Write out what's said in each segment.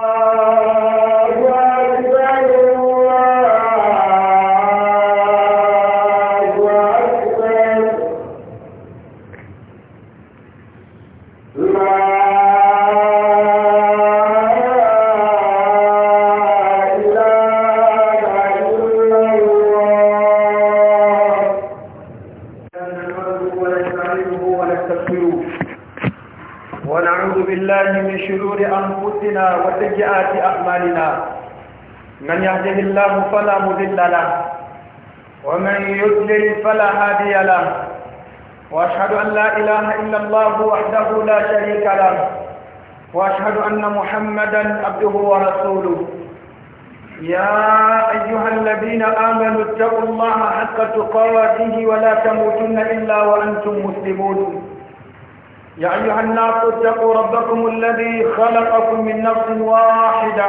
Amen. من يهده الله فلا مذل له ومن يذلل فلا هادي له وأشهد أن لا إله إلا الله وحده لا شريك له وأشهد أن محمدا عبده ورسوله يا أيها الذين آمنوا اتقوا الله حق تقاته ولا تموتن إلا وأنتم مسلمون يا أيها الناس اتقوا ربكم الذي خلقكم من نفس واحدة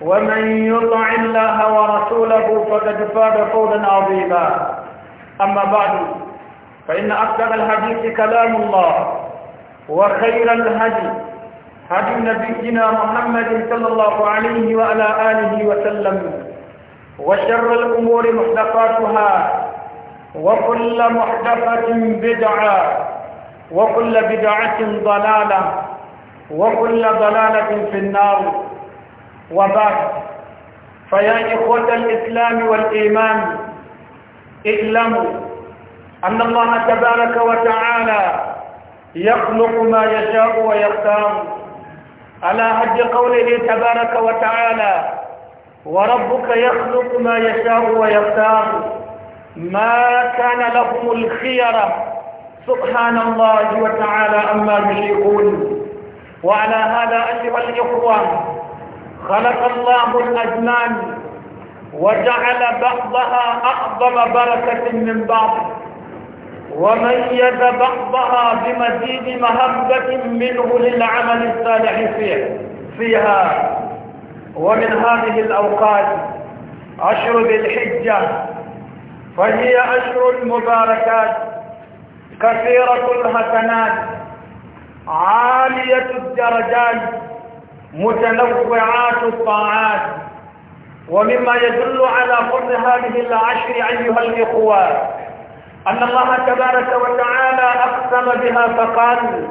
ومن يطع الله ورسوله فقد فاز فوزا عظيما أما بعد فإن اكثر الحديث كلام الله وخير الهدي هدي نبينا محمد صلى الله عليه وعلى آله وسلم وشر الأمور محدثاتها وكل محدثة بدعة وكل بدعة ضلالة وكل ضلالة في النار وبعد فيا إخوة الإسلام والإيمان اعلموا أن الله تبارك وتعالى يخلق ما يشاء ويختار على حد قوله تبارك وتعالى وربك يخلق ما يشاء ويختار ما كان لهم الخيرة سبحان الله وتعالى أما يشركون وعلى هذا أيها الإخوة خلق الله الأجنان وجعل بعضها أعظم بركة من بعض وميز بعضها بمزيد مهبة منه للعمل الصالح فيه فيها ومن هذه الأوقات أشهر ذي الحجة فهي أشهر المباركات كثيرة الحسنات عالية الدرجات متنوعات الطاعات ومما يدل على فضل هذه العشر أيها الإخوة أن الله تبارك وتعالى أقسم بها فقال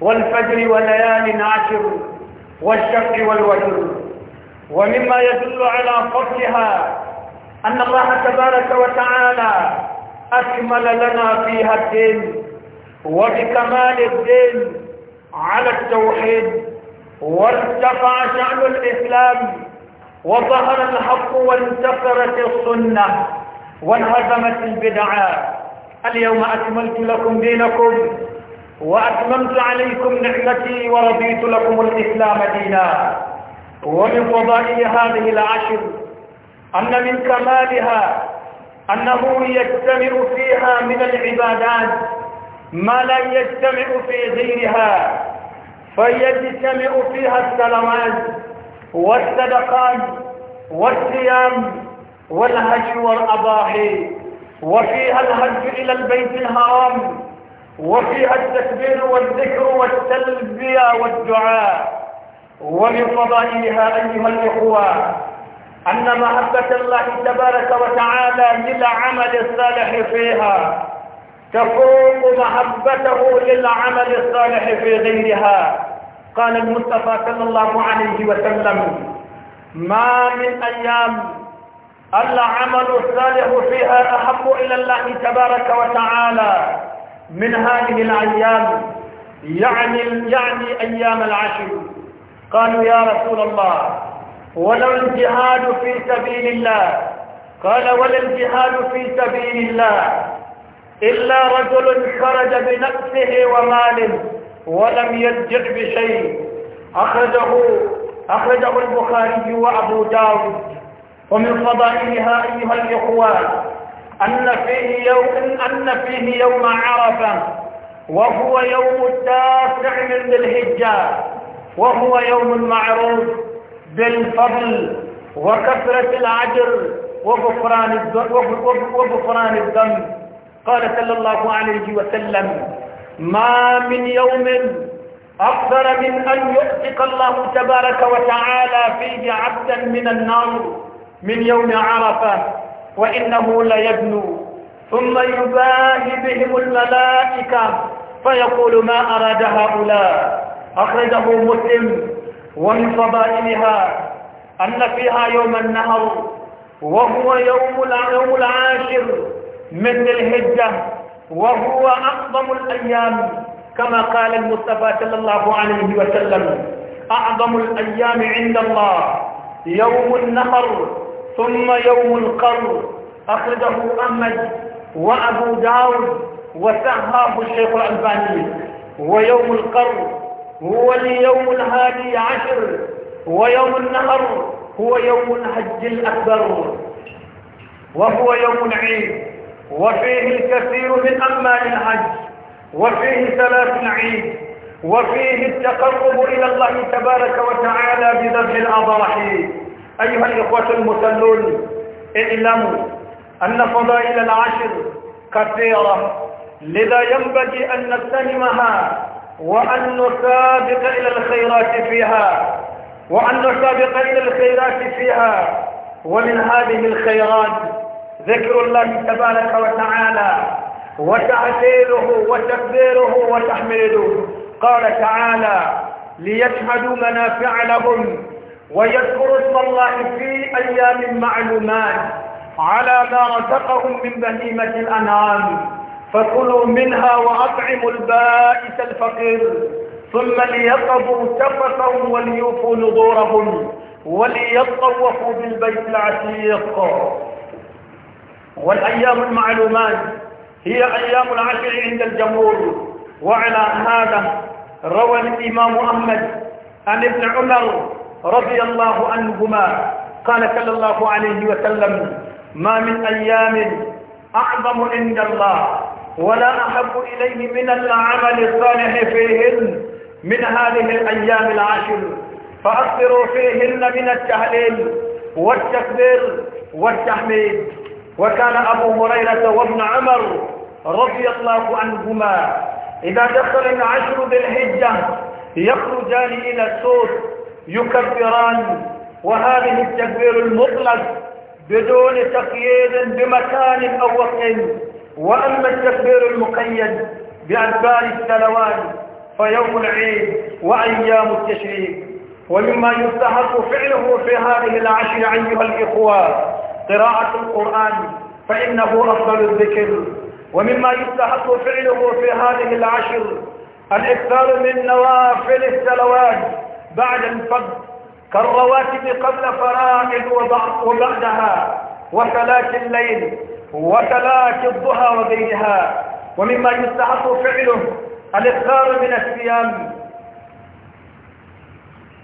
والفجر وليال عشر والشفع والوتر ومما يدل على فضلها أن الله تبارك وتعالى أكمل لنا فيها الدين وبكمال الدين على التوحيد وارتفع شأن الإسلام وظهر الحق وانتصرت السنة وانهزمت البدعاء اليوم أكملت لكم دينكم وأتممت عليكم نعمتي ورضيت لكم الإسلام دينا ومن فضائل هذه العشر أن من كمالها أنه يجتمع فيها من العبادات ما لا يجتمع في غيرها فيجتمع فيها السلامات والصدقات والصيام والهج والأضاحي وفيها الهج إلى البيت الحرام وفيها التكبير والذكر والتلبية والدعاء ومن فضائلها أيها الإخوة أن محبة الله تبارك وتعالى للعمل الصالح فيها تفوق محبته للعمل الصالح في غيرها قال المصطفى صلى الله عليه وسلم ما من أيام العمل الصالح فيها أحب إلى الله تبارك وتعالى من هذه الأيام يعني يعني أيام العشر قالوا يا رسول الله ولا الجهاد في سبيل الله قال ولا الجهاد في سبيل الله إلا رجل خرج بنفسه وماله ولم يرجع بشيء أخرجه أخرجه البخاري وأبو داود ومن فضائلها أيها الإخوان أن فيه يوم أن فيه يوم عرفة وهو يوم التاسع من ذي الهجة وهو يوم معروف بالفضل وكثرة العجر وغفران الذنب قال صلى الله عليه وسلم ما من يوم أكثر من أن يؤتق الله تبارك وتعالى فيه عبدا من النار من يوم عرفة وإنه ليبنو ثم يباهي بهم الملائكة فيقول ما أراد هؤلاء أخرجه مسلم ومن فضائلها أن فيها يوم النهر وهو يوم العاشر من ذي الهجة وهو أعظم الأيام كما قال المصطفى صلى الله عليه وسلم أعظم الأيام عند الله يوم النحر ثم يوم القر أخرجه أحمد وأبو داود وسهاه الشيخ الألباني ويوم القر هو اليوم الهادي عشر ويوم النهر هو يوم الحج الأكبر وهو يوم العيد وفيه الكثير من أمال الحج وفيه ثلاث عيد وفيه التقرب إلى الله تبارك وتعالى بذبح الأضاحي أيها الإخوة المسلون اعلموا أن فضائل العشر كثيرة لذا ينبغي أن نتهمها وأن نسابق إلى الخيرات فيها وأن نسابق إلى الخيرات فيها ومن هذه الخيرات ذكر الله تبارك وتعالى وتعزيره وتكبيره وتحميده قال تعالى ليشهدوا منافع لهم ويذكروا اسم الله في أيام معلومات على ما رزقهم من بهيمة الأنعام فكلوا منها وأطعموا البائس الفقير ثم ليقضوا تفثهم وليوفوا نذورهم وليطوفوا بالبيت العتيق والأيام المعلومات هي أيام العشر عند الجمهور وعلى هذا روى الإمام أحمد عن ابن عمر رضي الله عنهما قال صلى الله عليه وسلم ما من أيام أعظم عند الله ولا أحب إليه من العمل الصالح فيهن من هذه الأيام العشر فأكثروا فيهن من التهليل والتكبير والتحميد وكان أبو هريرة وابن عمر رضي الله عنهما إذا دخل العشر بالهجة يخرجان إلى السوق يكبران وهذه التكبير المطلق بدون تقييد بمكان أو وقت وأما التكبير المقيد بأدبار السلوان فيوم العيد وأيام التشريق ومما يستحق فعله في هذه العشر أيها الإخوة قراءة القرآن فإنه أفضل الذكر ومما يستحق فعله في هذه العشر الإكثار من نوافل السلوات بعد الفجر كالرواتب قبل فرائض وبعدها وصلاة الليل وصلاة الضحى وغيرها ومما يستحق فعله الإكثار من الصيام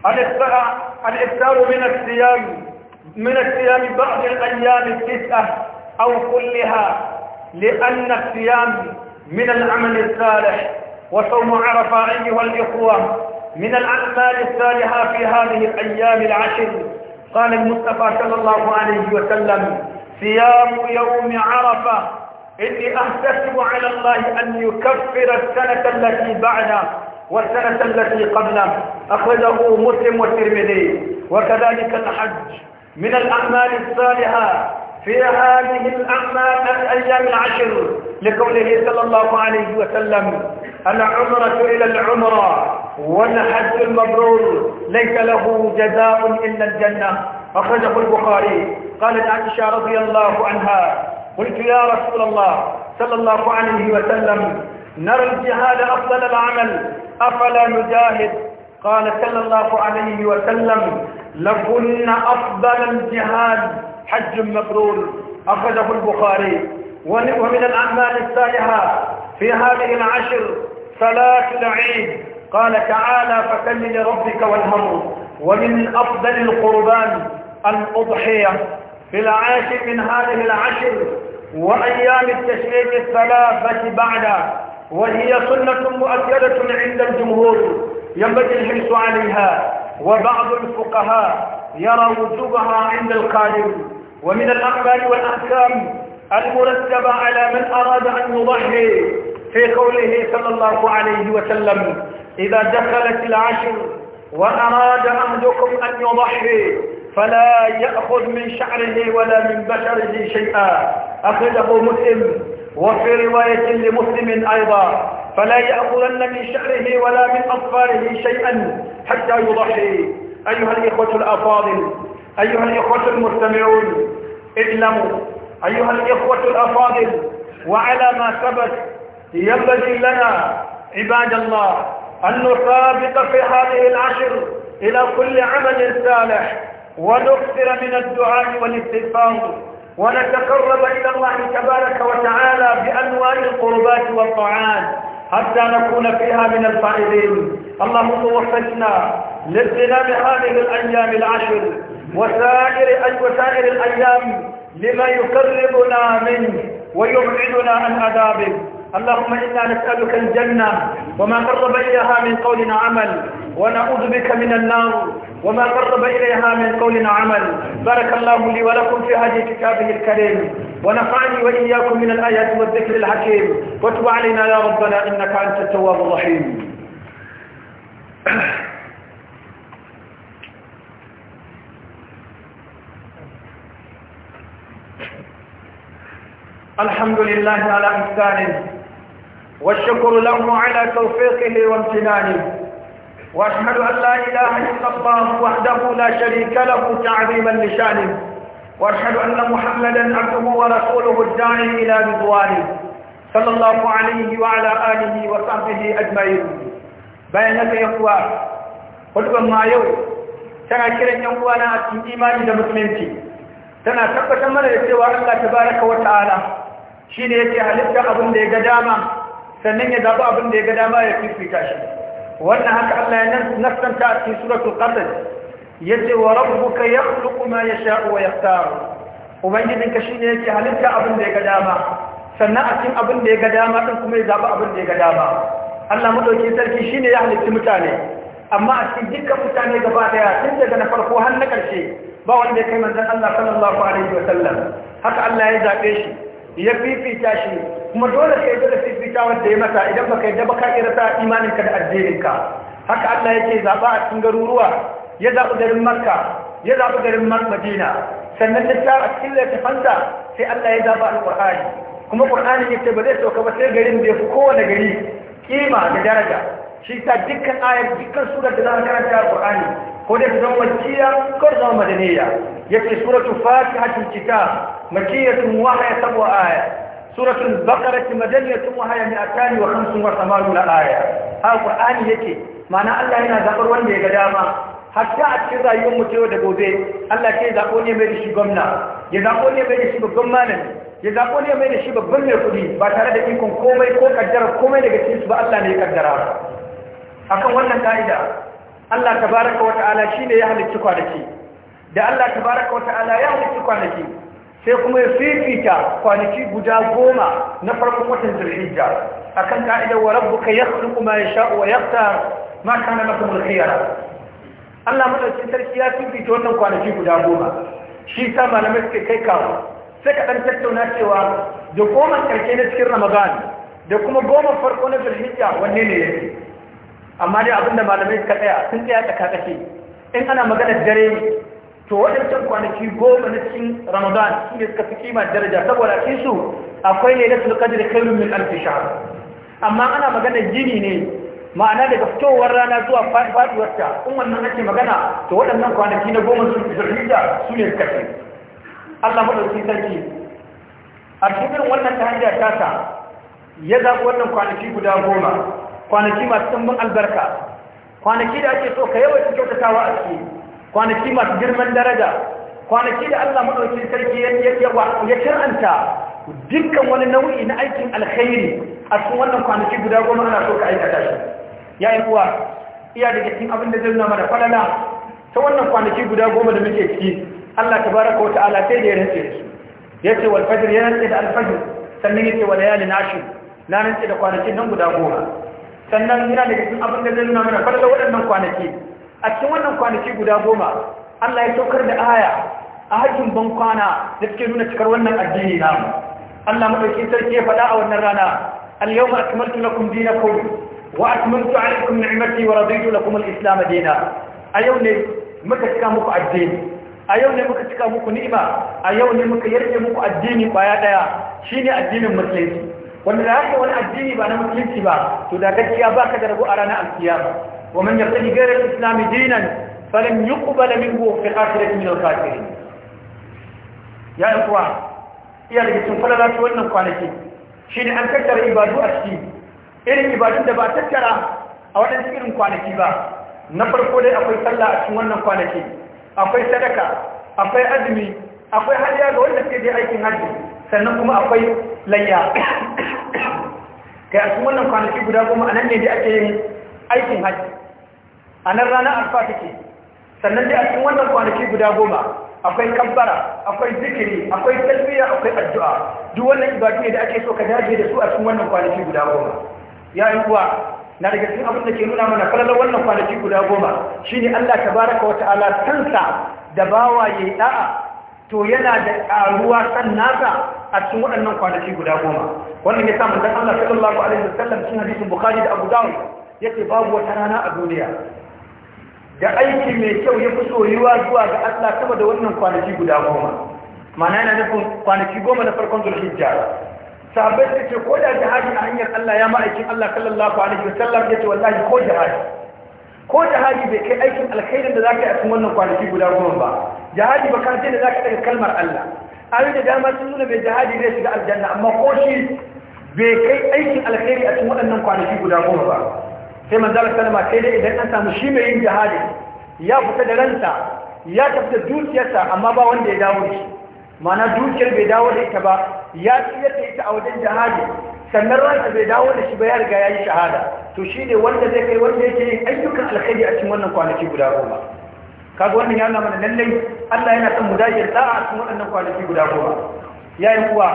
الإكثار من الصيام من الصيام بعض الأيام التسعة أو كلها لأن الصيام من العمل الصالح وصوم عرفة أيها الإخوة من الأعمال الصالحة في هذه الأيام العشر قال المصطفى صلى الله عليه وسلم صيام يوم عرفة إني أحتسب على الله أن يكفر السنة التي بعدها والسنة التي قبلها أخذه مسلم والترمذي وكذلك الحج من الأعمال الصالحة في هذه الأعمال الأيام العشر لقوله صلى الله عليه وسلم العمرة إلى العمرة والحج المبرور ليس له جزاء إلا الجنة أخرجه البخاري قالت عائشة رضي الله عنها قلت يا رسول الله صلى الله عليه وسلم نرى الجهاد أفضل العمل أفلا نجاهد قال صلى الله عليه وسلم لكن أفضل الجهاد حج مبرور أخذه البخاري ومن الأعمال الصالحة في هذه العشر صلاة العيد قال تعالى فكل لربك والهم ومن أفضل القربان الأضحية في العاشر من هذه العشر وأيام التشريق الثلاثة بعد وهي سنة مؤكدة عند الجمهور ينبغي الحرص عليها وبعض الفقهاء يرى وجوبها عند القادم ومن الأعمال والأحكام المرتبة على من أراد أن يضحي في قوله صلى الله عليه وسلم إذا دخلت العشر وأراد أهدكم أن يضحي فلا يأخذ من شعره ولا من بشره شيئا أخذه مسلم وفي رواية لمسلم أيضا فلا يأخذن من شعره ولا من أطفاله شيئا حتى يضحي أيها الإخوة الأفاضل أيها الإخوة المستمعون اعلموا أيها الإخوة الأفاضل وعلى ما ثبت ينبغي لنا عباد الله أن نسابق في هذه العشر إلى كل عمل صالح ونكثر من الدعاء والاستغفار ونتقرب إلى الله تبارك وتعالى بأنواع القربات والطعام حتى نكون فيها من الفائزين اللهم وفقنا لاغتنام هذه الأيام العشر وسائر وسائر الأيام لما يقربنا منه ويبعدنا عن عذابه اللهم إنا نسألك الجنة وما قرب إليها من قول عمل ونعوذ بك من النار وما قرب إليها من قول عمل بارك الله لي ولكم في هذه كتابه الكريم ونفعني وإياكم من الآيات والذكر الحكيم وتب علينا يا ربنا إنك أنت التواب الرحيم الحمد لله على إحسانه والشكر له على توفيقه وامتنانه وأشهد أن لا إله إلا الله وحده لا شريك له تعظيما لشانه وأشهد أن محمدا عبده ورسوله الداعي إلى رضوانه صلى الله عليه وعلى آله وصحبه أجمعين بينك يا إخوان قلت ما يوم tana kiran yan uwa na cikin imani da musulunci tana tabbatar mana da cewa Allah tabaraka wa ta'ala shine yake halitta abin da ya ga dama sannan ya zaba abin da ya ga dama ya fifita shi wannan haka Allah ya nasanta a cikin suratul qadr yace wa rabbuka yakhluqu ma yasha'u wa yaqtar ubangijin ka shine yake halitta abin da ya ga dama sannan a cikin abin da ya ga dama din kuma ya zaba abin da ya ga dama Allah madauki sarki shine ya halitta mutane amma a cikin dukkan mutane gaba daya tun daga na farko har na karshe ba wanda ya kai manzon Allah sallallahu alaihi wa sallam haka Allah ya zabe shi ya fifita shi kuma dole ka yi da fifita wanda ya mata idan baka yi yadda baka ka rasa imaninka da addininka haka Allah yake zaba a cikin garuruwa ya zaɓi garin Makka ya zaɓi garin Madina sannan ya ta a cikin fanta sai Allah ya zaɓa alƙur'ani kuma ƙur'ani yake ba zai sauka ba sai garin da ya fi kowane gari kima da daraja shi ta dukkan ayar dukkan surar da za karanta a Qur'ani ko da zama makiya ko da zama madaniya yake a fatihatul cika makiya tun wahaya sab'a aya madaniya ne a tani wa hiya 285 aya ha Qur'ani yake ma'ana Allah yana zabar wanda ya ga dama hatta a cikin rayuwar mu yau da gobe Allah ke zaɓo ne mai da shi gwamna ya zaɓo ne mai da shi babban malami ya zaɓo ne mai da shi babban mai kuɗi ba tare da ikon komai ko kaddara komai daga cikin su ba Allah ne ya kaddara akan wannan ka'ida Allah tabaraka wata'ala shine ya halicci kwanaki da Allah tabaraka wata'ala ya halicci kwanaki sai kuma ya fifita kwanaki guda goma na farkon watan zulhijja akan ka'idar wa rabbuka yakhluqu ma yasha'u wa yaqtar ma kana lakum al-khiyara Allah madaukakin sarki ya fifita wannan kwanaki guda goma shi sa malamai suke kai kawo sai ka ɗan tattauna cewa da goma ƙarshe na cikin ramadan da kuma goma farko na zulhijja wanne ne yake amma dai abinda malamai suka tsaya sun tsaya tsakakake in ana magana dare to waɗancan kwanaki goma na cikin ramadan su ne suka fi kima daraja saboda cikin su akwai ne na sulkadir kairun min alfi shahar amma ana maganar jini ne ma'ana daga fitowar rana zuwa faɗuwarta in wannan ake magana to waɗannan kwanaki na goma su fi su ne suka fi allah ɗauki sarki a cikin wannan ta hanyar tasa ya zaɓi wannan kwanaki guda goma kwanaki masu tambun albarka kwanaki da ake so ka yawaita kyautatawa a ciki kwanaki masu girman daraja kwanaki da Allah madaukakin sarki ya kiranta dukkan wani nau'i na aikin alkhairi a cikin wannan kwanaki guda goma ana so ka aikata shi ya yi kuwa iya daga cikin abin da zai nuna mana falala ta wannan kwanaki guda goma da muke ciki Allah baraka wata ala sai da ya rantse su yace wal fajr ya rantse da al fajr sannan yace wal layali nashi na rantse da kwanaki nan guda goma sannan yana da cikin abin da zai nuna mana farko waɗannan kwanaki a cikin wannan kwanaki guda goma Allah ya saukar da aya a hajjin ban kwana da suke nuna cikar wannan addini namu Allah madauki sarki ya faɗa a wannan rana al-yawma akmaltu lakum dinakum wa atmamtu alaykum ni'mati wa raditu lakum al-islam dinan a yau ne muka cika muku addini a yau ne muka cika muku ni'ima a yau ne muka yarje muku addini kwaya daya shine addinin musulunci wanda za ka wani addini ba na musulunci ba to da gaskiya ba ka da rabu a ranar alkiyama wa man ya ghayra al islami dinan falan yuqbala minhu fi akhirati min al-kafirin ya kuwa iya daga cikin falala wannan kwanaki shine an tattara ibadu a ciki irin ibadun da ba tattara a waɗansu irin kwanaki ba na farko dai akwai sallah a cikin wannan kwanaki akwai sadaka akwai azumi akwai hadiya ga wanda ke je aikin hajji sannan kuma akwai layya kai a cikin wannan kwanaki guda goma a nan ne da ake yin aikin hajji a nan ranar alfa take sannan dai a cikin wannan kwanaki guda goma akwai kabbara akwai zikiri akwai talbiya akwai addu'a duk wannan ibadu ne da ake so ka dage da su a cikin wannan kwanaki guda goma ya yi kuwa na daga cikin abin da ke nuna mana falalar wannan kwanaki guda goma shine Allah tabaraka wa ta'ala tansa da bawa yayi da'a to yana da karuwa san nasa a cikin waɗannan kwanaki guda goma wannan ya samu dan Allah sallallahu alaihi wasallam cikin hadisin Bukhari da Abu Dawud yake babu wata rana a duniya da aiki mai kyau ya fi soyuwa zuwa ga Allah sama da wannan kwanaki guda goma ma'ana yana nufin kwanaki goma na farkon Zulhijja sahabbai suka ce ko da jihadi a hanyar Allah ya ma'aikin Allah sallallahu alaihi wasallam yace wallahi ko jihadi ko jihadi bai kai aikin alkhairin da za ka yi a cikin wannan kwanaki guda goma ba jihadi ba kan da za ka daga kalmar Allah ayoyi da dama sun nuna mai jihadi zai shiga aljanna amma ko shi bai kai aikin alkhairi a cikin waɗannan kwanaki guda goma ba sai manzala salama sai dai idan an samu shi mai yin jihadi ya fita da ranta. ya tafi da dukiyarsa amma ba wanda ya dawo da shi ma'ana dukiyar bai dawo da ita ba ya siyar da ita a wajen jihadi sannan ransa bai dawo da shi ba ya riga ya yi shahada to shi ne wanda zai kai wanda yake yin ayyukan alkhairi a cikin wannan kwanaki guda goma kaga wannan ya mana lallai Allah yana son mu dage da a cikin wannan kwanaki guda goma yayin kuwa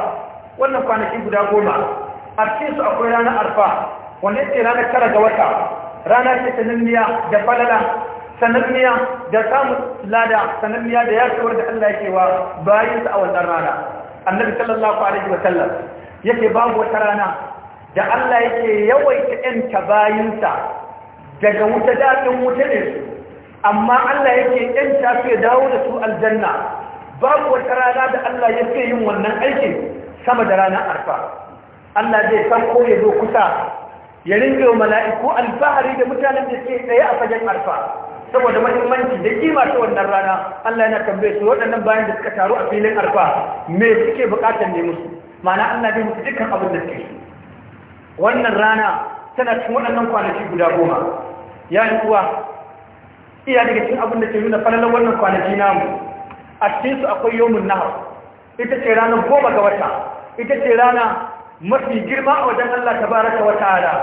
wannan kwanaki guda goma a cikin su akwai ranar arfa wanda yake ranar tara ga wata rana ce ta nanniya da falala sananniya da samun lada sananniya da yasewar da Allah yake wa bayansa a wannan rana annabi sallallahu alaihi wa sallam yake babu wata rana da Allah yake yawaita ‘yanta bayinsa daga wuta daɗin wuta ne su amma Allah yake ‘yanta su ya dawo da su aljanna babu wata rana da Allah yake yin wannan aikin sama da ranar arfa Allah zai san ko ya zo kusa ya rinjo mala'iku alfahari da mutanen da ke tsaye a fagen arfa saboda mahimmanci da kima ta wannan rana Allah yana tambaye su waɗannan bayan da suka taru a filin arfa me suke buƙatar ne musu ma'ana Allah zai musu dukkan abin da suke wannan rana tana cikin waɗannan kwanaki guda goma ya yi uwa, iya daga cikin abin da ke nuna falalar wannan kwanaki namu a cikin su akwai yomin nahar ita ce ranar goma ga wata ita ce rana mafi girma a wajen Allah ta baraka wata ta'ala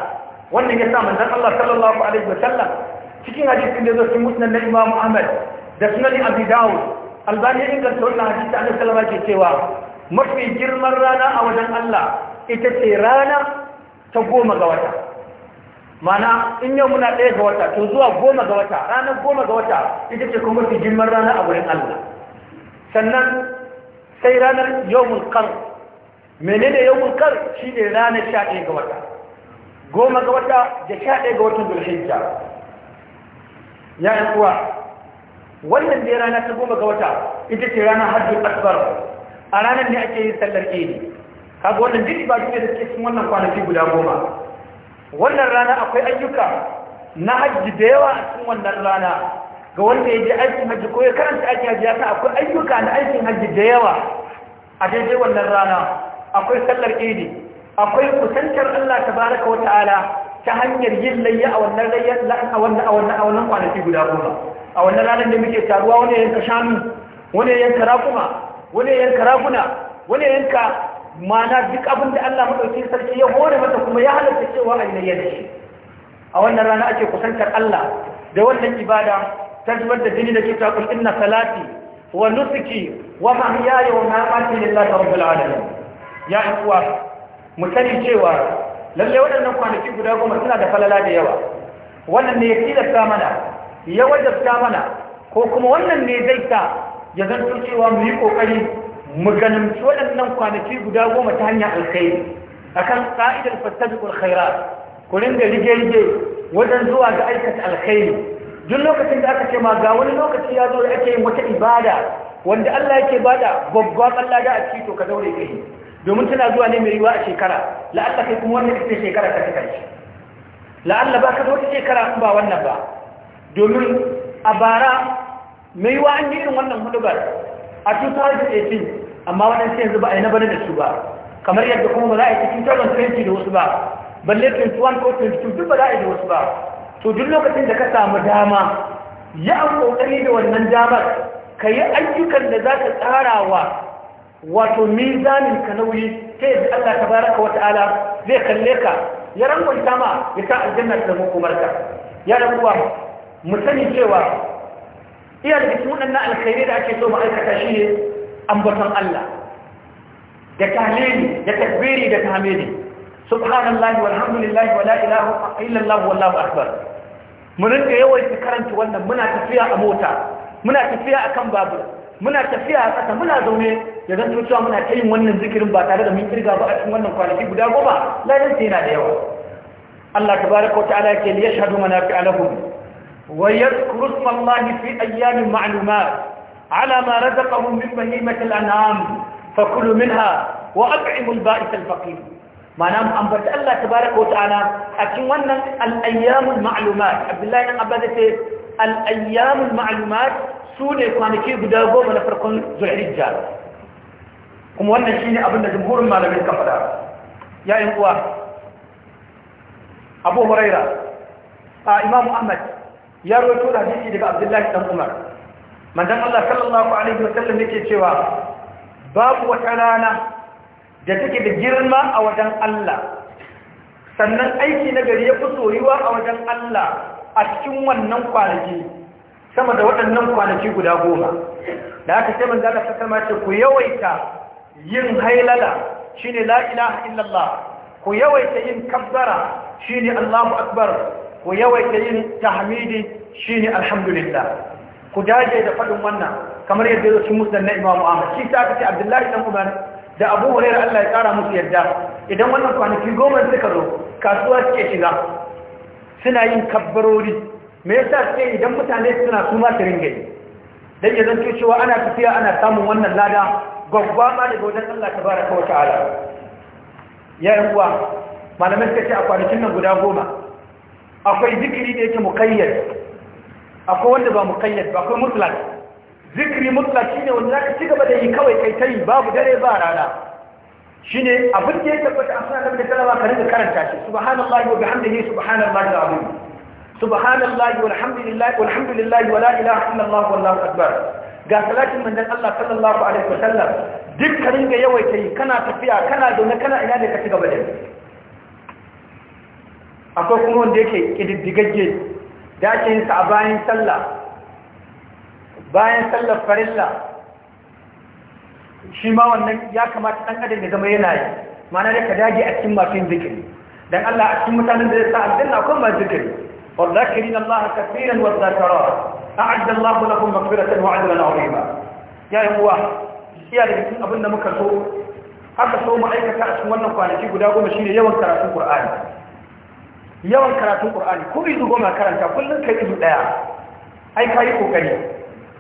wannan ya sa manzon Allah sallallahu alaihi wa sallam cikin hadisin da zo cikin musnad na Imam Ahmad da sunan Abi Dawud albani ya inganta wannan hadisi Allah sallama ke cewa mafi girman rana a wajen Allah ita ce rana ta goma ga wata mana in yau muna ɗaya ga wata to zuwa goma ga wata ranar goma ga wata ita ce kuma mafi girman rana a wurin Allah sannan sai ranar yawun kan, menene kan shi ne ranar ɗaya ga wata goma ga wata da ɗaya ga watan ja ya kuwa wannan dai rana ta goma ga wata ita ce ranar hajjul asbar a ranar ne ake yin sallar idi kaga wannan duk ba ne da suke cikin wannan kwanaki guda goma wannan rana akwai ayyuka na hajji da yawa a cikin wannan rana ga wanda ya je aikin hajji ko ya karanta aikin hajji ya sa akwai ayyuka na aikin hajji da yawa a daidai wannan rana akwai sallar idi akwai kusantar Allah tabaraka wa ta'ala ta hanyar yin layya a wannan layya a wannan a wannan a wannan kwanaki guda goma a wannan ranar da muke taruwa wani yanka shanu wani yanka raƙuma wani ya yanka raguna wani ya yanka mana duk abin da Allah madauki sarki ya hore mata kuma ya halatta cewa a yi da a wannan rana ake kusantar Allah da wannan ibada ta zubar da jini da ke takul inna salati wa nusuki wa mahyaya wa mamati lillahi rabbil alamin ya uwa mu sani cewa lalle waɗannan kwanaki guda goma suna da falala da yawa wannan ne ya tilasta mana ya wajabta mana ko kuma wannan ne zai ta ya zanto cewa mu yi ƙoƙari mu ganimci waɗannan kwanaki guda goma ta hanyar alkhairi akan ka'idar fastabiqul khairat ku ringa rige-rige wajen zuwa ga aikata alkhairi duk lokacin da aka ce ma ga wani lokaci ya zo da ake yin wata ibada wanda Allah yake bada babban Allah a ciki to ka daure kai domin tana zuwa ne mai yiwa a shekara la'alla kai kuma wannan ita shekara ta kai la'alla ba ka zo ta shekara ba wannan ba domin a bara mai wa an yi irin wannan hudubar a 2018 amma waɗansu yanzu ba a yi na bane da su ba kamar yadda kuma ba za a yi cikin 2020 da wasu ba balle 21 ko 22 duk ba za a yi da wasu ba to duk lokacin da ka samu dama ya an kokari da wannan damar ka yi ayyukan da za ka tsara wa wato mizanin ka nauyi ta yadda Allah ta baraka wa ta'ala zai kalle ka ya rangon ma ya sa aljanna da makomarka ya rabuwa mu sani cewa iya da cikin waɗannan alkhairi da ake so mu aikata shi ne ambaton Allah da tahlili da takbiri da tahmidi subhanallahi walhamdulillahi wala ilaha illallah wallahu akbar mu rinka yawaita karanta wannan muna tafiya a mota muna tafiya akan babur muna tafiya a ƙasa muna zaune ya zanto cewa muna ta yin wannan zikirin ba tare da mun kirga ba a cikin wannan kwanaki guda goma ladan yana da yawa Allah tabaraka wa ta'ala yake liyashhadu manafi'a lahum ويذكر اسم الله في أيام معلومات على ما رزقهم من بهيمة الأنعام فكلوا منها وأطعموا البائس الفقير معناه أنبت الله تبارك وتعالى أكن الأيام المعلومات عبد الله بن عباس الأيام المعلومات سونة كوانكي guda goma na farkon Zulhijja kuma wannan shine abin da jumhurin malamai suka faɗa yayin uwa Abu Huraira a Imam Ahmad ya rawaito da hadisi daga Abdullahi dan Umar manzon Allah sallallahu alaihi wasallam yake cewa babu wata rana da take da girma a wajen Allah sannan aiki na gari ya fi soyuwa a wajen Allah a cikin wannan kwanaki sama da waɗannan kwanaki guda goma da aka ce manzon Allah sallallahu ce ku yawaita yin hailala shine la ilaha illallah ku yawaita yin kabbara shine Allahu akbar ku yawaita yin tahmidi shine alhamdulillah ku dage da faɗin wannan kamar yadda zo cikin musnad na Imam Ahmad shi ta aka ce Abdullahi dan Umar da Abu Hurairah Allah ya kara musu yadda idan wannan kwanaki goma suka zo kasuwa suke shiga suna yin kabbarori me yasa suke idan mutane suna su ma su ringa dan ya zanto cewa ana tafiya ana samun wannan lada gwaggwa ma da wajen Allah tabaraka wa ta'ala ya yi uwa malamai suka ce a kwanakin nan guda goma akwai zikiri da yake muqayyad akwai wanda ba muqayyad ba akwai mutlaq zikiri mutlaq shine wanda zaka ci gaba da yi kawai kai tai babu dare ba rana shine abin da ya tabbata a sunan da talaba ka rinka karanta shi subhanallahi wa bihamdihi subhanallahi al-azim subhanallahi walhamdulillahi walhamdulillahi wala ilaha illallah wallahu akbar ga salatin manzon Allah sallallahu alaihi wasallam duk ka rinka yawaita yi kana tafiya kana zaune kana ina da ka ci gaba da yi. akwai kuma wanda yake ƙididdigagge da ake yin sa a bayan sallah bayan sallah farilla shi ma wannan ya kamata ɗan adam da zama yana yi mana da ka dage a cikin masu zikiri don Allah a cikin mutanen da ya sa aljanna akwai ma zikiri والذاكرين الله كثيرا والذاكرات أعد الله لكم مغفرة وعدلا عظيما يا cikin abin da muka so haka so ma'aikata a cikin wannan kwanaki guda goma shine yawan karatun Qur'ani yawan karatun ƙur'ani ko izu goma karanta kullum ka izu ɗaya ai ka yi ƙoƙari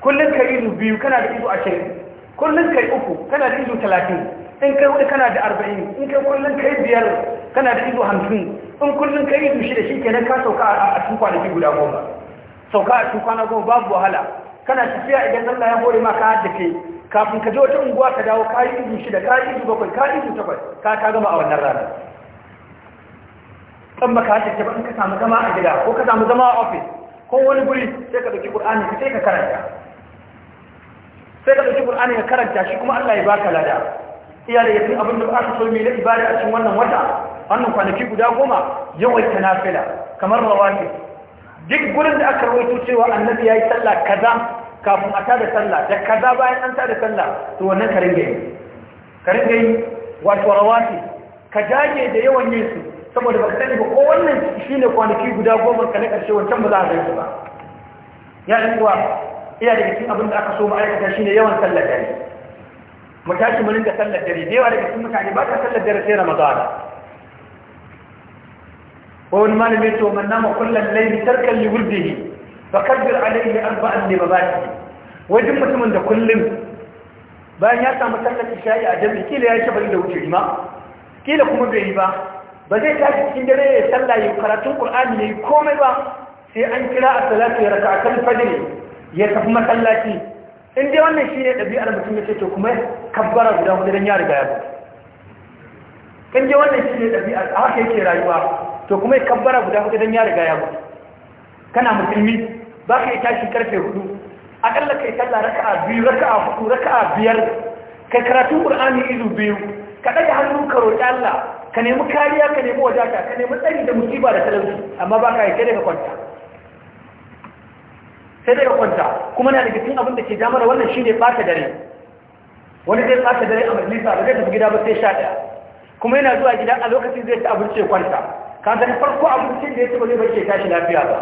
kullum ka izu biyu kana da izu ashirin kullum ka yi uku kana da izu talatin in kai hudu kana da arba'in in kai kullum ka yi biyar kana da izu hamsin in kullum ka yi izu shida shi kenan ka sauka a cikin kwanaki guda goma sauka a cikin kwana goma babu wahala kana tafiya idan Allah ya hore maka kai kafin ka je wata unguwa ka dawo ka yi izu shida ka yi izu bakwai ka yi izu takwas ka ka gama a wannan ranar kan baka ka ba ka samu zama a gida ko ka samu zama a ofis ko wani guri sai ka ɗauki ƙur'ani sai ka karanta sai ka ɗauki ƙur'ani ka karanta shi kuma Allah ya baka lada iya da yasin abin da aka so mai na ibada a cikin wannan wata wannan kwanaki guda goma ta nafila kamar rawaki duk gurin da aka rawaito cewa annabi yayi yi sallah kaza kafin a tada sallah da kaza bayan an tada sallah to wannan ka gayi karin ka wato rawaki ka jage da yawan yin su saboda ba ka sani ba ko wannan shi ne kwanaki guda goma ka na karshe wancan ba za a gaisa ba ya ɗan uwa iya daga cikin abin da aka so ma'aikata shi ne yawan sallar dare mu tashi mu rinka sallar dare da yawa daga cikin mutane ba ka sallar dare sai ramadana ko wani malami to man nama kullum layli tarkan li wurdihi fa kabbir alayhi arba'an li mabati wajin mutumin da kullum bayan ya samu sallar isha'i a jami'i kila ya shabar da wuce ma kila kuma bai yi ba ba zai tashi cikin dare ya sallah ya karatun qur'ani ne komai ba sai an kira a salatu ya raka a kan fajr ya tafi masallaci in dai wannan shi ne ɗabi'ar mutum ce to kuma kabbara guda hudu dan ya riga ya ba in dai wannan ne ɗabi'ar a haka yake rayuwa to kuma kabbara guda hudu dan ya riga ya ba kana musulmi ba ka yi tashi karfe hudu ka yi sallah raka'a biyu raka'a hudu raka'a biyar kai karatun qur'ani izu biyu ka daga hannu ka roƙi Allah ka nemi kariya ka nemi wadata ka nemi tsari da musiba da talauci amma ba ka yi sai daga kwanta sai daga kwanta kuma na daga cikin abin da ke damar wannan shi ne ɓata dare wani zai ɓata dare a majalisa ba zai tafi gida ba sai sha ɗaya kuma yana zuwa gida a lokacin zai ci abinci ya kwanta ka ga farko abincin da ya ci ba zai bace ya tashi lafiya ba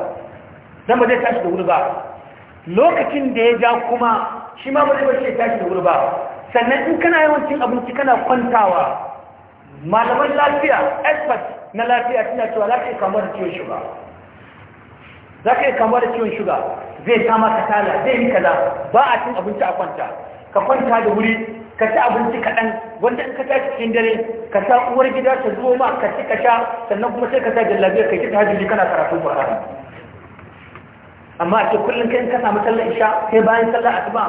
dan ba zai tashi da wuri ba lokacin da ya ja kuma shi ma ba zai bace ya tashi da wuri ba sannan in kana yawancin abinci kana kwantawa malaman lafiya expert na lafiya suna cewa za ka yi kamar da ciwon shuga za ka yi kamar da ciwon shuga zai sama tala zai yi kaza ba a cin abinci a kwanta ka kwanta da wuri ka ci abinci kaɗan wanda ka tashi cikin dare ka sa uwar gida ta zo ma ka ci ka sha sannan kuma sai ka sa jallabiya ka ci ta hajji kana karatun ƙwararri amma a ce kullum kai ka samu sallar isha sai bayan sallar asuba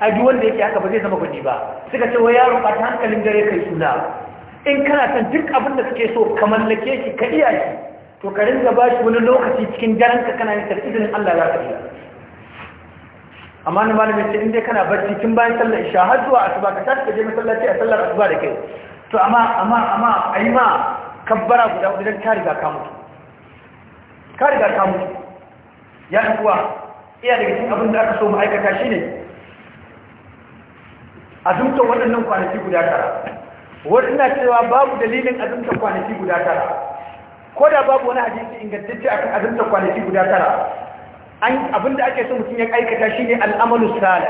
a duk wanda yake haka ba zai zama gudi ba suka ce wa yaro ta hankalin dare kai suna in kana son duk abin da suke so ka mallake shi ka iya shi to ka ringa ba shi wani lokaci cikin daren ka kana yin da izinin Allah za ka iya amma ni malamin ce in dai kana barci tun bayan sallar isha har zuwa asuba ka tashi ka je masallaci a sallar asuba da kai to amma amma amma yi ma kabbara guda guda dan ka riga ka mutu ka riga ka mutu ya ɗan kuwa iya daga cikin abin da aka so mu aikata shine a dukkan waɗannan kwanaki guda tara wasu na cewa babu dalilin azumta kwanaki guda tara ko da babu wani hadisi ingantacce akan azumta kwanaki guda tara abinda ake so mutum ya aikata shi ne al'amalu salih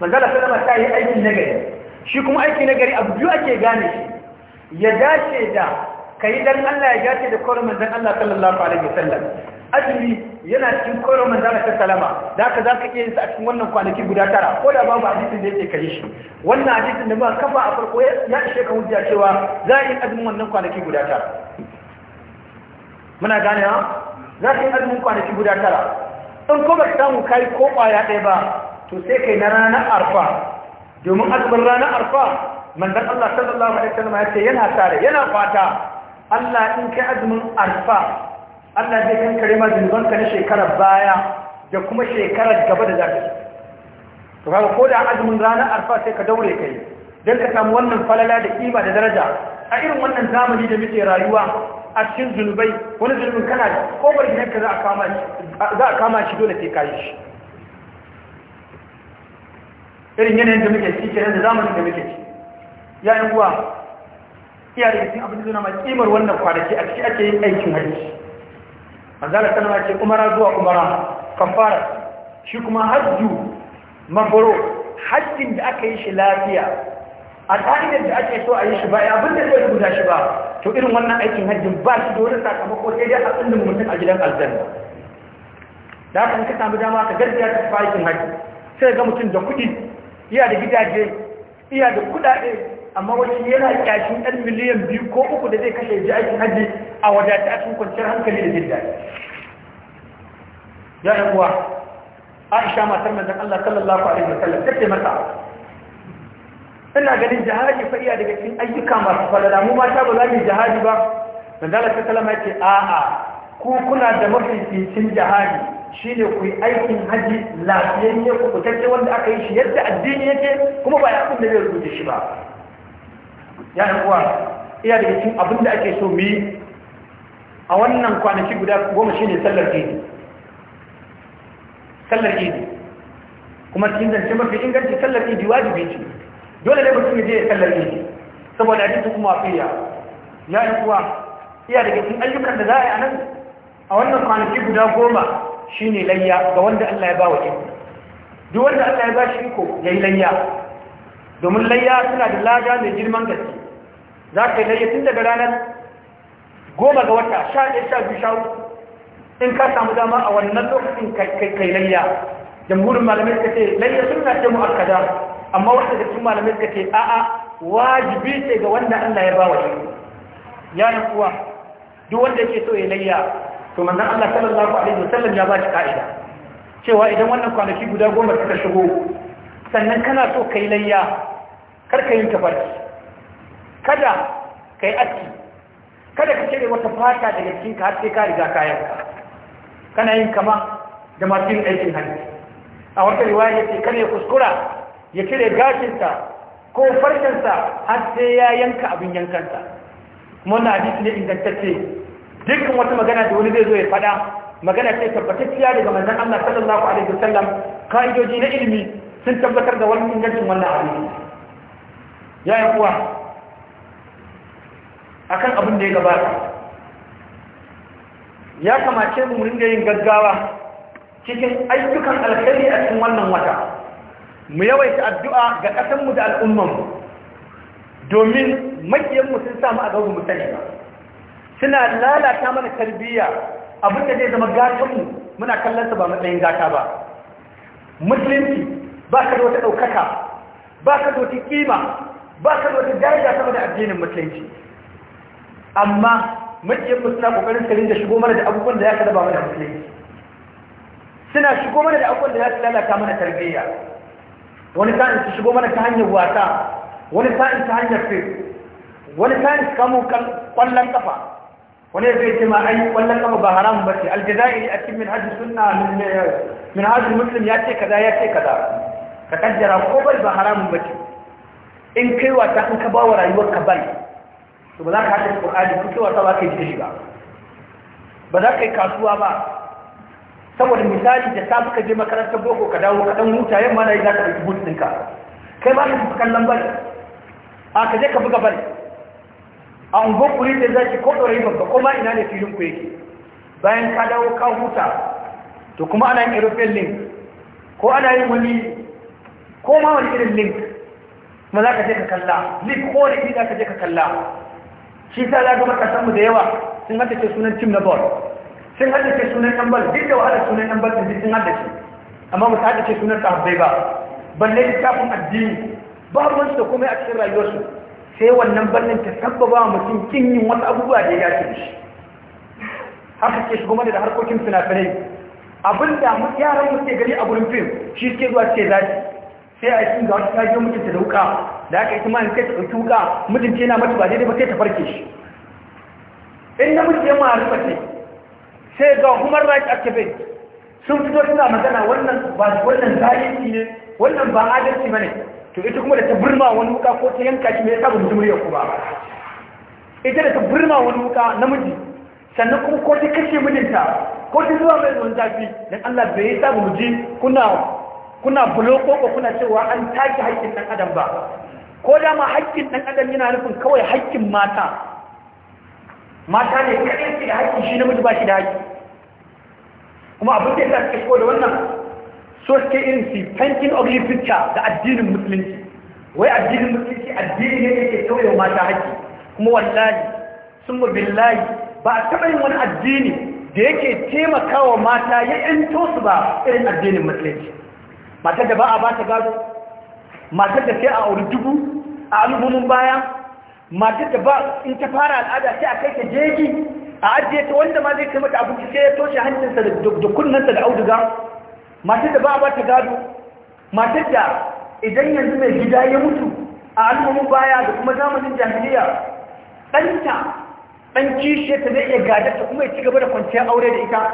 manzala Salama ta yi aiki nagari shi kuma aiki nagari abu biyu ake gane shi ya dace da kai dan Allah ya dace da kawar manzon Allah sallallahu alaihi wasallam azumi yana cikin koyar manzana ta salama da za ka iya yin sa a cikin wannan kwanaki guda tara ko da babu hadisin da yake kai shi wannan hadisin da muka kafa a farko ya ishe ka hujja cewa za a yi azumin wannan kwanaki guda tara muna gane ha za ka yi azumin kwanaki guda tara in ko ba ka samu kai ko kwaya ɗaya ba to sai kai na ranar arfa domin azumin ranar arfa manzan Allah sallallahu alaihi wasallam ya ce yana tare yana fata Allah in kai azumin arfa Allah zai kankare ma zunubanka na shekarar baya da kuma shekarar gaba da zafi. to kaga ko da azumin ranar arfa sai ka daure kai dan ka samu wannan falala da kima da daraja a irin wannan zamani da muke rayuwa a cikin zunubai wani zunubin kana da kofar gidanka za a kama shi za a kama shi dole sai ka yi shi irin yanayin da muke ciki yanzu da da muke ci. ya yi uwa iyaye sun abin da zuna ma kimar wannan kwanaki a ciki ake yin aikin hajji manzala sallama ce umara zuwa umara kafara shi kuma hajju mabaro hajjin da aka yi shi lafiya a ta'idar da ake so a yi shi ba ya abin da guda shi ba to irin wannan aikin hajjin ba shi da wani sakamako sai dai a tsindin mutum a gidan aljanna da aka ka samu dama ka gaskiya ta fi hajji sai ga mutum da kuɗi iya da gidaje iya da kuɗaɗe amma wani yana kyashin ɗan miliyan biyu ko uku da zai kashe ji aikin hajji a wadata a cikin kwanciyar hankali da jin daɗi ya yi kuwa aisha matar manzan allah sallallahu alaihi wa sallam take mata ina ganin jihadi fa iya daga cikin ayyuka masu falala mu mata ba za mu jihadi ba manzan ta kalama yake, a a'a ku kuna da mafi cikin jihadi shine ku yi aikin haji lafiyayye ku kutacce wanda aka yi shi yadda addini yake kuma ba ya kun da zai rubuta shi ba ya yi kuwa iya da cikin abin da ake so mu a wannan kwanaki guda goma shi ne sallar idi sallar idi kuma cikin zance mafi inganci sallar idi wajibi ce dole ne mutum je ya sallar idi saboda ake kuma fiya ya yi kuwa iya da cikin ayyukan da za a yi a nan a wannan kwanaki guda goma shi ne layya ga wanda Allah ya ba wa iko duk wanda Allah ya ba shi iko ya yi layya domin layya suna da lada mai girman gaske za ka yi na tun daga ranar goma ga wata sha ɗaya sha biyu sha in ka samu dama a wannan lokacin kai layya jamhurin malamai suka ce layya suna ce kada amma wasu da cikin malamai suka ce a'a wajibi ce ga wanda Allah ya ba wa shi ya yi kuwa duk wanda yake so ya layya to manzan Allah sallallahu alaihi wa sallam ya ba shi ka'ida cewa idan wannan kwanaki guda goma suka shigo sannan kana so kai layya kar ka yin tafarki. kada ka yi aski kada ka cire wata fata daga cikinka ka sai ka riga kayan kana yin kama da masu yin aikin hannu a wata riwaya ya ce kada ya kuskura ya cire gashinsa ko farkensa har sai ya yanka abin yankansa kuma wannan hadisi ne ingantacce dukkan wata magana da wani zai zo ya faɗa magana ce tabbatacciya daga manzon Allah sallallahu alaihi wasallam kaidoji na ilimi sun tabbatar da wannan ingancin wannan hadisi ya yi kuwa akan abin da ya gabata ya kamace mu ringa yin gaggawa cikin ayyukan alkhairi a cikin wannan wata mu yawaita addu'a ga mu da mu domin makiyanmu sun samu a mu mutane ba suna lalata mana tarbiyya abin da zai zama mu muna kallon sa ba matsayin gata ba musulunci ba ka da wata ɗaukaka ba ka da wata kima ba ka da wata daraja sama da addinin musulunci amma maƙiyar mu suna ƙoƙarin su da shigo mana da abubuwan da ya ka daba mana musulunci suna shigo mana da abubuwan da ya su lalata mana tarbiyya wani sa'in su shigo mana ta hanyar wasa wani sa'in ta hanyar fim wani sa'in su kamo kwallon kafa wani ya zai ce ma ai kwallon kafa ba haram ba ce aljazairi a cikin minhajin sunna minhajin muslim ya ce kaza ya ce kaza ka kaddara ko bai ba haramun ba ce in kai wata in ka ba wa rayuwar ka bai to ba za ka haɗa ƙur'ani ko kewa ba ka yi da ba ba za ka yi kasuwa ba saboda misali da ta ka je makarantar boko ka dawo ka ɗan huta yamma na yi za ka ɗauki but ɗinka kai ba ka fi kallon bari a ka je ka buga bari a unguwar kuri da zaki ko ɗaurayi babba ko ma ina ne filin ku yake bayan ka dawo ka huta to kuma ana yin european link ko ana yin wani ko ma wani irin link ma za ka je ka kalla link ko wani irin za ka je ka kalla shi ta za maka samu da yawa sun hada ce sunan tim na ball sun ce sunan ɗan ball duk da wahala sunan ɗan ball duk sun ce amma ba su ce sunan sahabbai ba balle littafin addini ba mun da komai a cikin rayuwarsu sai wannan bannin ta sabbaba wa mutum kin yin wasu abubuwa da ya dace shi haka ke shi da da harkokin fina-finai abinda yaran mu ke gani a gurin fim shi ke zuwa ce zaki sai a yi sun ga wata kajiyar mutunta da wuka da aka ita ma sai ta ɗauki wuka mutunci yana mutu ba daidai ba sai ta farke shi in na namiji ya rufa mace sai ga human rights activist sun fito suna magana wannan ba wannan zalunci ne wannan ba adalci ne to ita kuma da ta burma wani wuka ko ta yanka shi mai sabon ba mu kuma ku ba ita da ta burma wani wuka namiji sannan kuma ko ta kashe mijinta ko ta zuwa mai zuwan zafi don Allah bai yi sabu mu ji kuna kuna bulo ko kuna cewa an take haƙƙin ɗan adam ba ko dama haƙƙin ɗan adam yana nufin kawai haƙƙin mata mata ne kaɗai su da haƙƙi shi namiji ba shi da haƙƙi kuma abin da ya sa ko da wannan so suke irin su tankin ugly picture da addinin musulunci wai addinin musulunci addini ne yake wa mata haƙƙi kuma wallahi sun billahi ba a taɓa yin wani addini da yake taimakawa mata ya ‘yanto su ba irin addinin musulunci matar da ba a ba ta gado matar da sai a auri dubu a alubumin baya matar da ba in ta fara al'ada sai a kai ta jeji a ajiye ta wanda ma zai kai mata abinci sai ya toshe hancinsa da kunnansa da auduga matar da ba a ba gado matar da idan yanzu mai gida ya mutu a al'ummin baya da kuma zamanin jahiliya ɗanta ɗan kishiyar ta zai iya gadata kuma ya ci gaba da kwanciyar aure da ita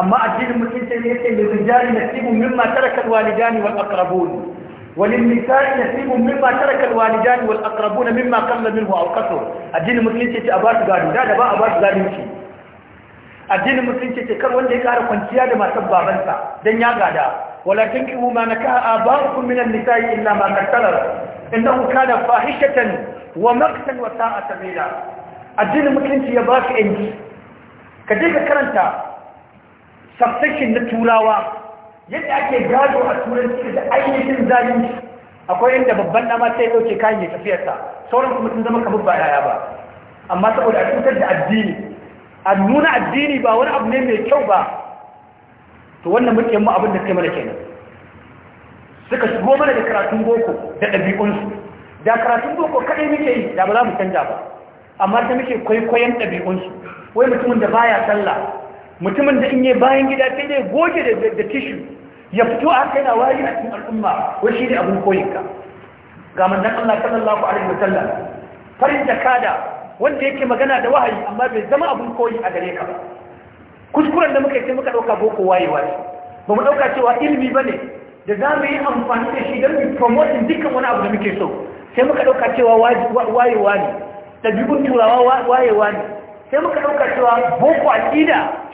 amma addinin mutunta ne yake mai zinjari na tsibin mimma tarakan walidani wal aqrabun وللنساء نصيب مما ترك الوالدان والأقربون مما قل منه أو كثر الدين المسلم ce a ba su gado da da ba a ba su zalunci addinin musulunci ce kar wanda ya kara kwanciya da matar babansa dan ya gada walakin kihu ma nakaha aba'ukum minan nisa'i illa da kattalar innahu kana fahishatan wa maqtan wa sa'a sabila addinin musulunci ya ba su yanki ka je ka karanta subsection na turawa yadda ake gado a turanci da ainihin zalunci akwai yadda babban nama sai ɗauke kayan ya tafiyarsa sauran kuma sun zama kamar ba yaya ba amma saboda a cutar da addini a nuna addini ba wani abu ne mai kyau ba to wannan muke mu abin da kai mana kenan suka shigo mana da karatun boko da ɗabi'unsu da karatun boko kaɗai muke yi da ba za mu canja ba amma ta muke kwaikwayon ɗabi'unsu wai mutumin da baya sallah mutumin da in yi bayan gida sai dai goge da tishu ya fito a kai na wari a cikin al'umma ko shi ne abin koyinka ga manzan Allah sallallahu alaihi sallam farin jakada wanda yake magana da wahayi amma bai zama abin koyi a gare ka ba kuskuren da muka yi sai muka dauka boko wayewa ne ba mu dauka cewa ilimi bane da za mu yi amfani da shi don mu promote dukkan wani abu da muke so sai muka dauka cewa wayewa ne ɗabi'un turawa waye ne sai muka ɗauka cewa boko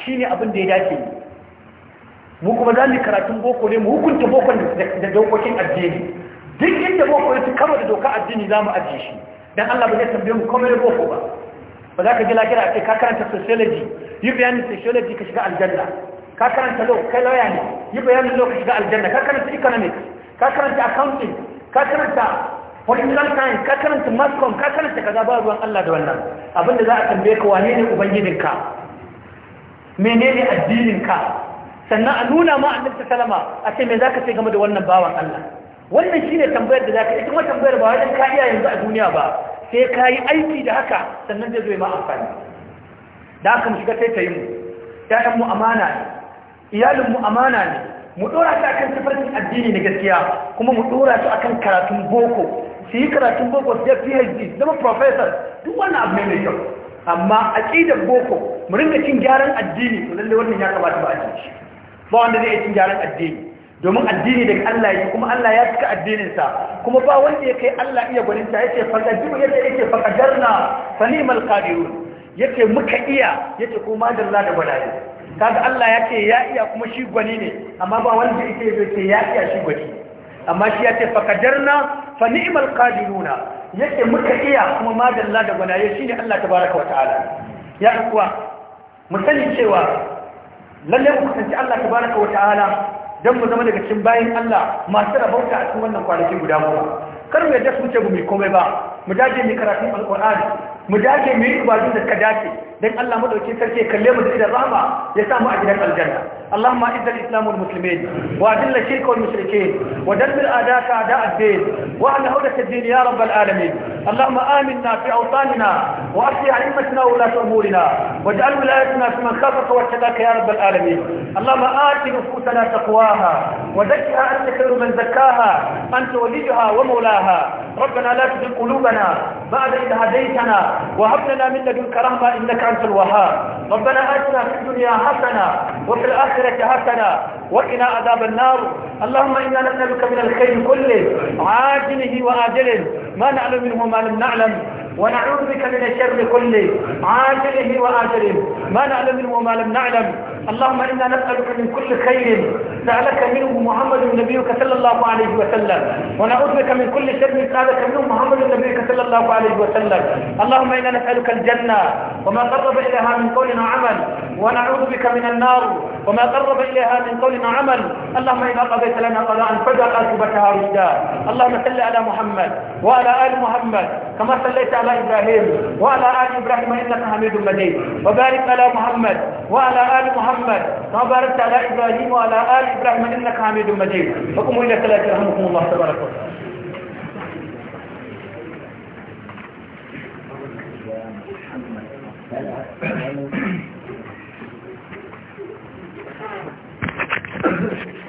shi ne abin da ya dace mu kuma za mu karatun boko ne mu hukunta bokon da dokokin addini duk inda boko ya fi kama da doka addini za mu ajiye shi don Allah ba zai tambaye mu komai boko ba ba za ka ji lakira a ce ka karanta sociology yi bayanin sociology ka shiga aljanna ka karanta law kai lauya ne yi bayanin law ka shiga aljanna ka karanta economics ka karanta accounting ka karanta political science ka karanta mascom ka karanta kaza ba ruwan Allah da wannan abinda za a tambaye ka wane ne ubangijinka menene addininka sannan a nuna ma annabi salama a ce me ka ce game da wannan bawan Allah wannan shine tambayar da zaka ita kuma tambayar ba wajen ka iya yanzu a duniya ba sai ka yi aiki da haka sannan zai zo ma amfani da haka mu shiga sai ta yi mu ƴaƴan mu amana ne iyalin mu amana ne mu dora su akan tafarkin addini na gaskiya kuma mu dora su akan karatun boko su yi karatun boko su phd zama profesor duk wani abu ne mai kyau amma a da boko mu rinka cin gyaran addini ko lalle wannan ya kamata ba a cin shi ba wanda zai cin gyaran addini domin addini daga Allah yake kuma Allah ya cika addininsa kuma ba wanda ya kai Allah iya ta yace faqadiru yadda yake faqadarna fanimal qadirun yace muka iya yace kuma dalla da bala'i kaga Allah yake ya iya kuma shi gwani ne amma ba wanda yake yace ya iya shi gwani amma shi yace fakadarna fa ni'mal qadiruna yake muka iya kuma madalla da gwanaye shine Allah baraka wa ta'ala ya kuwa mu cewa lalle mu kasance Allah baraka wa ta'ala dan mu zama daga cikin bayan Allah masu rabauta a cikin wannan kwanaki guda goma kar mu yadda su ce mu komai ba mu dage mu karatu alqur'ani mu dage mu yi ibadu da ka dace dan Allah madauke sarki kalle mu da rahama ya samu a gidan aljanna اللهم اعز الاسلام والمسلمين واذل الشرك والمشركين ودمر اعداءك اعداء الدين واهل عودة الدين يا رب العالمين اللهم امنا في اوطاننا واصلح ائمتنا وولاة امورنا واجعل ولايتنا في من خافك واتقاك يا رب العالمين اللهم ات نفوسنا تقواها وزكها انت خير من زكاها انت وليها ومولاها ربنا لا تزغ قلوبنا بعد إذ هديتنا وهب لنا من لدنك رحمة إنك أنت الوهاب ربنا آتنا في الدنيا حسنة وفي الآخرة آخرة حسنة وقنا عذاب النار اللهم إنا نسألك من الخير كله عاجله وآجله ما نعلم منه ما لم نعلم ونعوذ بك من الشر كله عاجله وآجله ما نعلم منه وما لم نعلم اللهم إنا نسألك من كل خير سألك منه محمد نبيك صلى الله عليه وسلم ونعوذ بك من كل شر سألك منه محمد نبيك صلى الله عليه وسلم اللهم إنا نسألك الجنة وما قرب إليها من قول وعمل ونعوذ بك من النار وما قرب إليها من قول وعمل اللهم إنا قضيت لنا قضاء فجر أثبتها رشدا اللهم صل على محمد وعلى آل محمد كما صليت على إبراهيم وعلى آل إبراهيم إنك حميد مجيد وبارك على على محمد وعلى آل محمد وبارك على إبراهيم وعلى آل إبراهيم إنك حميد مجيد وقوموا إلى ثلاثة رحمكم الله تبارك وتعالى Thank you.